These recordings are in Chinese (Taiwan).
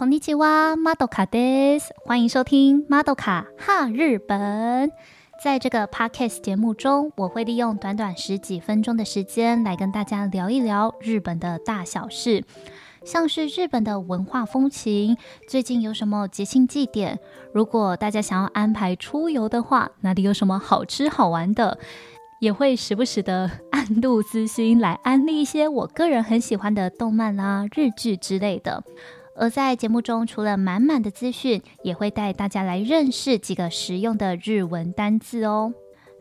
こんにちは、まどかです。歡迎收聽まどか哈日本。在這個 Podcast 節目中，我會利用短短十幾分鐘的時間來跟大家聊一聊日本的大小事，像是日本的文化風情、最近有什麼節慶祭典。如果大家想要安排出遊的話，哪裡有什麼好吃好玩的，也會時不時的暗度私心來安利一些我個人很喜歡的動漫啦、啊、日劇之類的。而在節目中，除了滿滿的資訊，也會帶大家來認識幾個實用的日文單字哦。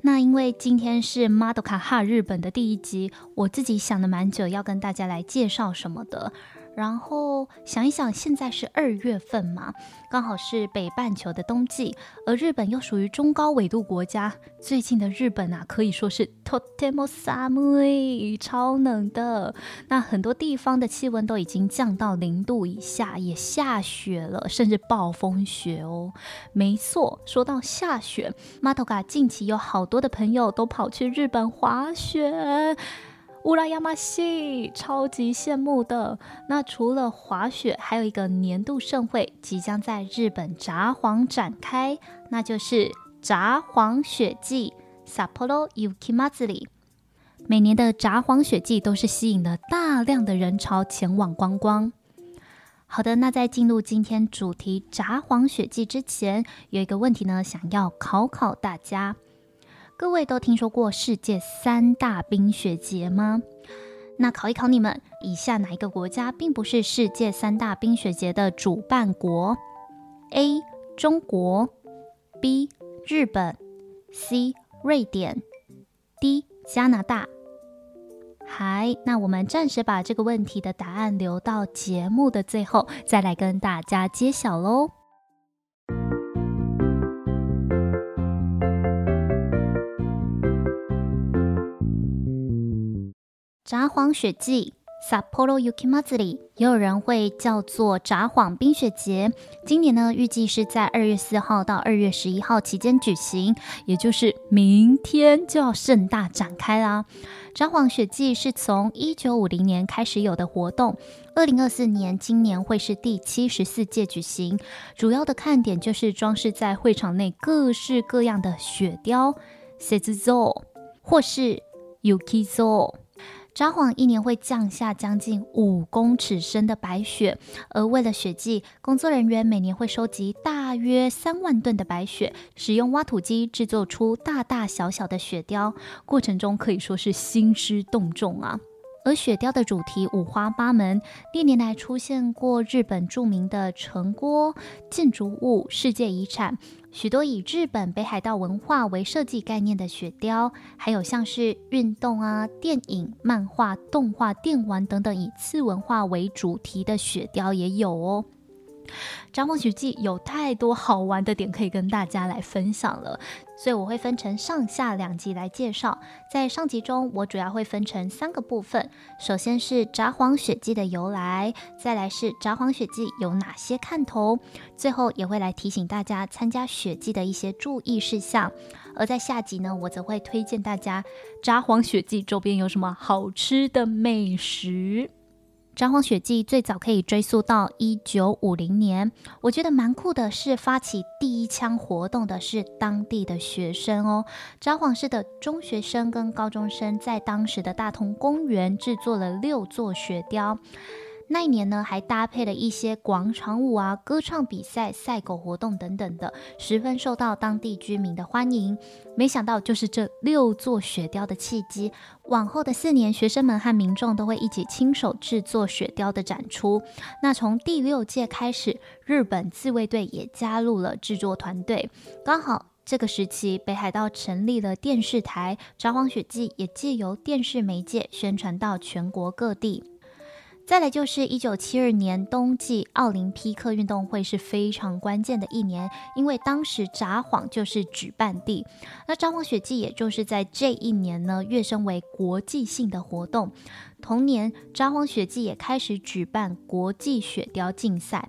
那因為今天是まどか哈日本的第一集，我自己想了蠻久，要跟大家來介紹什麼的。然後想一想，現在是二月份嘛，剛好是北半球的冬季，而日本又屬於中高緯度國家，最近的日本啊，可以說是とても寒い，超冷的。那很多地方的氣溫都已經降到零度以下，也下雪了，甚至暴風雪哦。沒錯，說到下雪，まどか近期有好多的朋友都跑去日本滑雪。うらやましい，超級羨慕的。那除了滑雪，還有一個年度盛會即將在日本札幌展開，那就是札幌雪祭，Sapporo Yukimatsuri 每年的札幌雪祭都是吸引了大量的人潮前往觀光，光。好的，那在進入今天主題札幌雪祭之前，有一個問題呢，想要考考大家。各位都聽說過世界三大冰雪節嗎？那考一考你們，以下哪一個國家並不是世界三大冰雪節的主辦國？A. 中國 B. 日本 C. 瑞典 D. 加拿大。嗨，那我們暫時把這個問題的答案留到節目的最後，再來跟大家揭曉嘍。札幌雪季 s a p p o r o Yuki Matsuri） 也有人會叫做札幌冰雪節。今年呢，預計是在二月四號到二月十一號期間舉行，也就是明天就要盛大展開啦！札幌雪季是從一九五零年開始有的活動，二零二四年今年會是第七十四屆舉行。主要的看點就是裝飾在會場內各式各樣的雪雕 s i z o 或是 Yuki s o 札幌一年會降下將近五公尺深的白雪，而為了雪祭，工作人員每年會收集大約三萬噸的白雪，使用挖土機製作出大大小小的雪雕，過程中可以說是興師動眾啊。而雪雕的主題五花八門，歷年來出現過日本著名的城郭、建築物、世界遺產。許多以日本北海道文化為設計概念的雪雕，還有像是運動啊、電影、漫畫、動畫、電玩等等以次文化為主題的雪雕也有哦。札幌雪祭有太多好玩的點可以跟大家來分享了，所以我會分成上下兩集來介紹。在上集中，我主要會分成三個部分：首先是札幌雪祭的由來，再來是札幌雪祭有哪些看頭，最後也會來提醒大家參加雪祭的一些注意事項。而在下集呢，我則會推薦大家札幌雪祭周邊有什麼好吃的美食。札幌雪祭最早可以追溯到一九五零年，我覺得蠻酷的是發起第一槍活動的是當地的學生哦。札幌市的中學生跟高中生在當時的大通公園製作了六座雪雕。那一年呢，還搭配了一些廣場舞啊、歌唱比賽、賽狗活動等等的，十分受到當地居民的歡迎。沒想到就是這六座雪雕的契機，往後的四年，學生們和民眾都會一起親手製作雪雕的展出。那從第六屆開始，日本自衛隊也加入了製作團隊。剛好這個時期，北海道成立了電視台，札幌雪祭也借由電視媒介宣傳到全國各地。再來就是一九七二年冬季奧林匹克運動會，是非常關鍵的一年，因為當時札幌就是舉辦地，那札幌雪祭也就是在這一年呢躍升為國際性的活動。同年，札幌雪祭也開始舉辦國際雪雕競賽。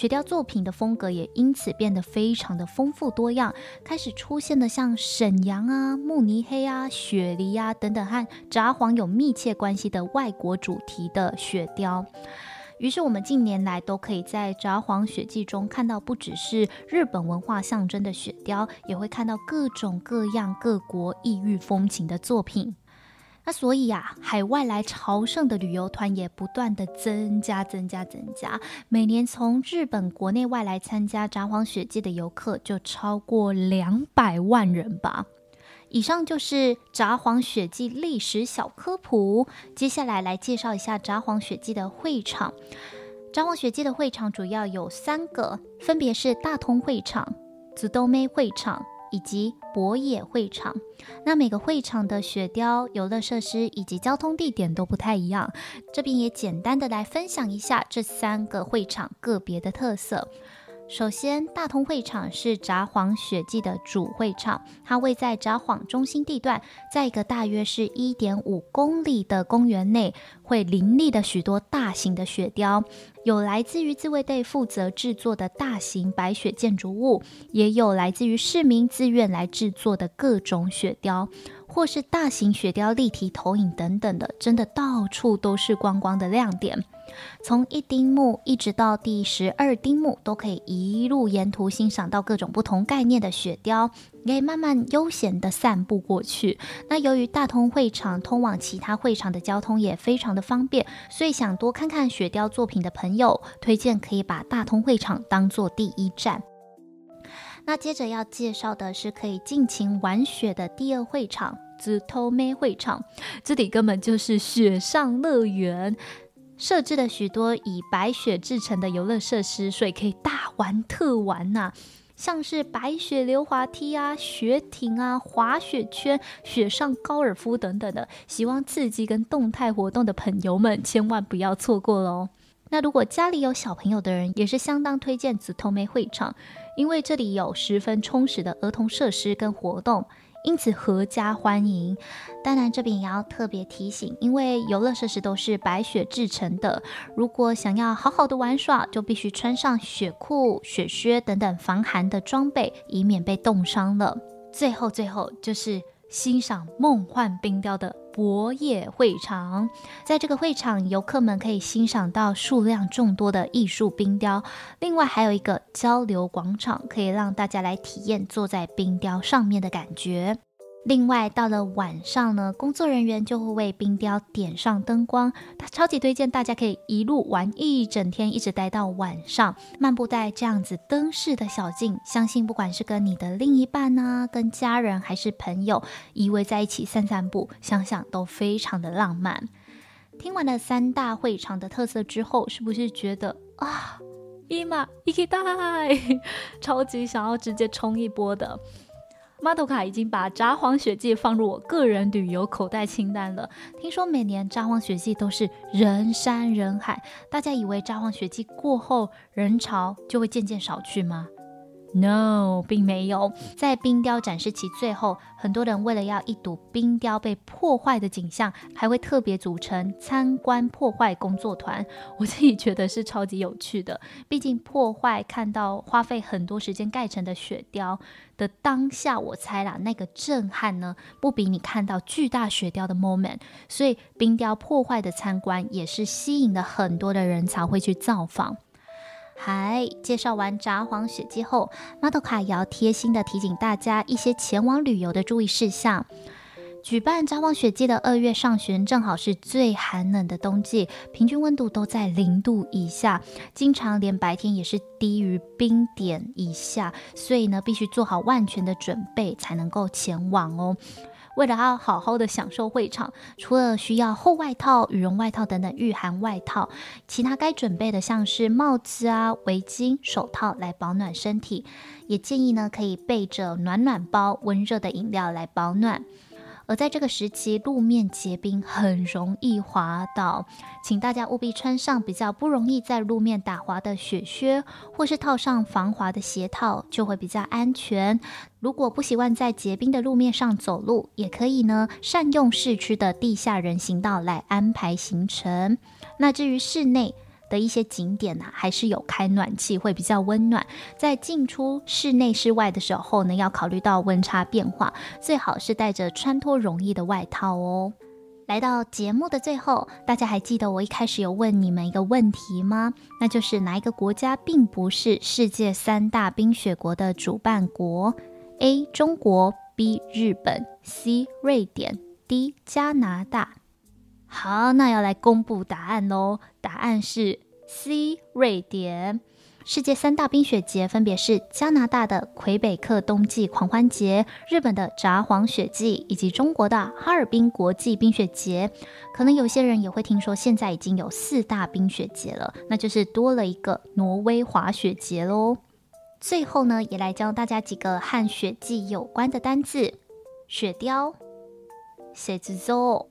雪雕作品的風格也因此變得非常的豐富多樣，開始出現了像瀋陽啊、慕尼黑啊、雪梨啊等等和札幌有密切關係的外國主題的雪雕。於是我們近年來都可以在札幌雪祭中看到，不只是日本文化象徵的雪雕，也會看到各種各樣各國異域風情的作品。那所以呀、啊，海外來朝聖的旅遊團也不斷的增加，增加，增加。每年從日本國內外來參加札幌雪祭的遊客就超過兩百萬人吧。以上就是札幌雪祭歷史小科普。接下來來介紹一下札幌雪祭的會場。札幌雪祭的會場主要有三個，分別是大通會場、紫東梅會場。以及薄野會場，那每個會場的雪雕、遊樂設施以及交通地點都不太一樣。這邊也簡單的來分享一下這三個會場個別的特色。首先，大通會場是札幌雪祭的主會場，它位在札幌中心地段，在一個大約是一點五公里的公園內，會林立的許多大型的雪雕，有來自於自衛隊負責制作的大型白雪建築物，也有來自於市民自願來制作的各種雪雕。或是大型雪雕立體投影等等的，真的到處都是觀光的亮點。從一丁目一直到第十二丁目，都可以一路沿途欣賞到各種不同概念的雪雕，你可以慢慢悠閒的散步過去。那由於大通會場通往其他會場的交通也非常的方便，所以想多看看雪雕作品的朋友，推薦可以把大通會場當做第一站。那接着要介紹的是可以盡情玩雪的第二會場——紫頭梅會場。這裡根本就是雪上樂園，設置了許多以白雪制成的遊樂設施，所以可以大玩特玩吶、啊，像是白雪溜滑梯啊、雪艇啊、滑雪圈、雪上高爾夫等等的。喜歡刺激跟動態活動的朋友們，千萬不要錯過嘍。那如果家裡有小朋友的人，也是相當推薦紫頭梅會場。因為這裡有十分充實的兒童設施跟活動，因此闔家歡迎。當然，這邊也要特別提醒，因為遊樂設施都是白雪制成的，如果想要好好的玩耍，就必須穿上雪褲、雪靴等等防寒的裝備，以免被凍傷了。最後，最後就是。欣賞夢幻冰雕的薄野會場，在這個會場，遊客們可以欣賞到數量眾多的藝術冰雕。另外，還有一個交流廣場，可以讓大家來體驗坐在冰雕上面的感覺。另外，到了晚上呢，工作人員就會為冰雕點上燈光。他超級推薦大家可以一路玩一整天，一直待到晚上，漫步在這樣子燈飾的小徑。相信不管是跟你的另一半呢、啊，跟家人還是朋友，依偎在一起散散步，想想都非常的浪漫。聽完了三大會場的特色之後，是不是覺得啊，伊馬伊起帶，超級想要直接衝一波的？馬圖卡已經把札幌雪祭放入我個人旅遊口袋清單了。聽說每年札幌雪祭都是人山人海，大家以為札幌雪祭過後人潮就會漸漸少去嗎？No，並沒有。在冰雕展示期最後，很多人為了要一睹冰雕被破壞的景象，還會特別組成參觀破壞工作團。我自己覺得是超級有趣的，畢竟破壞看到花費很多時間蓋成的雪雕的當下，我猜啦，那個震撼呢，不比你看到巨大雪雕的 moment。所以冰雕破壞的參觀也是吸引了很多的人才會去造訪。嗨，介紹完札幌雪祭後，まどか也要貼心的提醒大家一些前往旅遊的注意事項。舉辦札幌雪祭的二月上旬，正好是最寒冷的冬季，平均溫度都在零度以下，經常連白天也是低於冰點以下，所以呢，必須做好萬全的準備才能夠前往哦。為了要好好的享受會場，除了需要厚外套、羽絨外套等等御寒外套，其他該準備的像是帽子啊、圍巾、手套來保暖身體，也建議呢可以備着暖暖包、溫熱的飲料來保暖。而在這個時期，路面結冰，很容易滑倒，請大家務必穿上比較不容易在路面打滑的雪靴，或是套上防滑的鞋套，就會比較安全。如果不習慣在結冰的路面上走路，也可以呢，善用市區的地下人行道來安排行程。那至於室內，的一些景點呢、啊，還是有開暖氣會比較溫暖。在進出室內室外的時候呢，要考慮到溫差變化，最好是帶着穿脫容易的外套哦。來到節目的最後，大家還記得我一開始有問你們一個問題嗎？那就是哪一個國家並不是世界三大冰雪國的主辦國？A. 中國 B. 日本 C. 瑞典 D. 加拿大。好，那要來公布答案嘍。答案是 C，瑞典。世界三大冰雪節分別是加拿大的魁北克冬季狂歡節、日本的札幌雪祭以及中國的哈爾濱國際冰雪節。可能有些人也會聽說，現在已經有四大冰雪節了，那就是多了一個挪威滑雪節嘍。最後呢，也來教大家幾個和雪祭有關的單字：雪雕、雪之舟。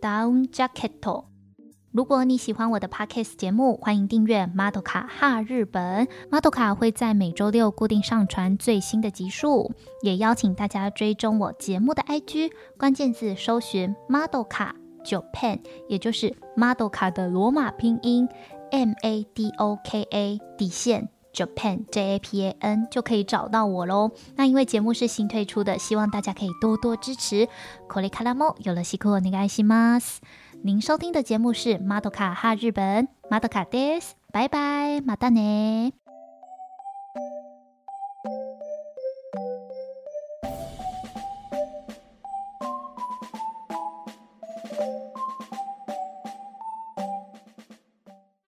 Down jacketo。如果你喜歡我的 Podcast 節目，歡迎訂閱 Madoka 哈日本。Madoka 會在每周六固定上傳最新的集數，也邀請大家追蹤我節目的 IG，關鍵字搜尋 Madoka Japan，也就是 Madoka 的羅馬拼音 M A D O K A 底線。Japan J A P A N 就可以找到我嘍。那因為節目是新推出的，希望大家可以多多支持。これからもよろしくお願いします。您收聽的節目是《まどか哈日本》，まどかです，拜拜，またね。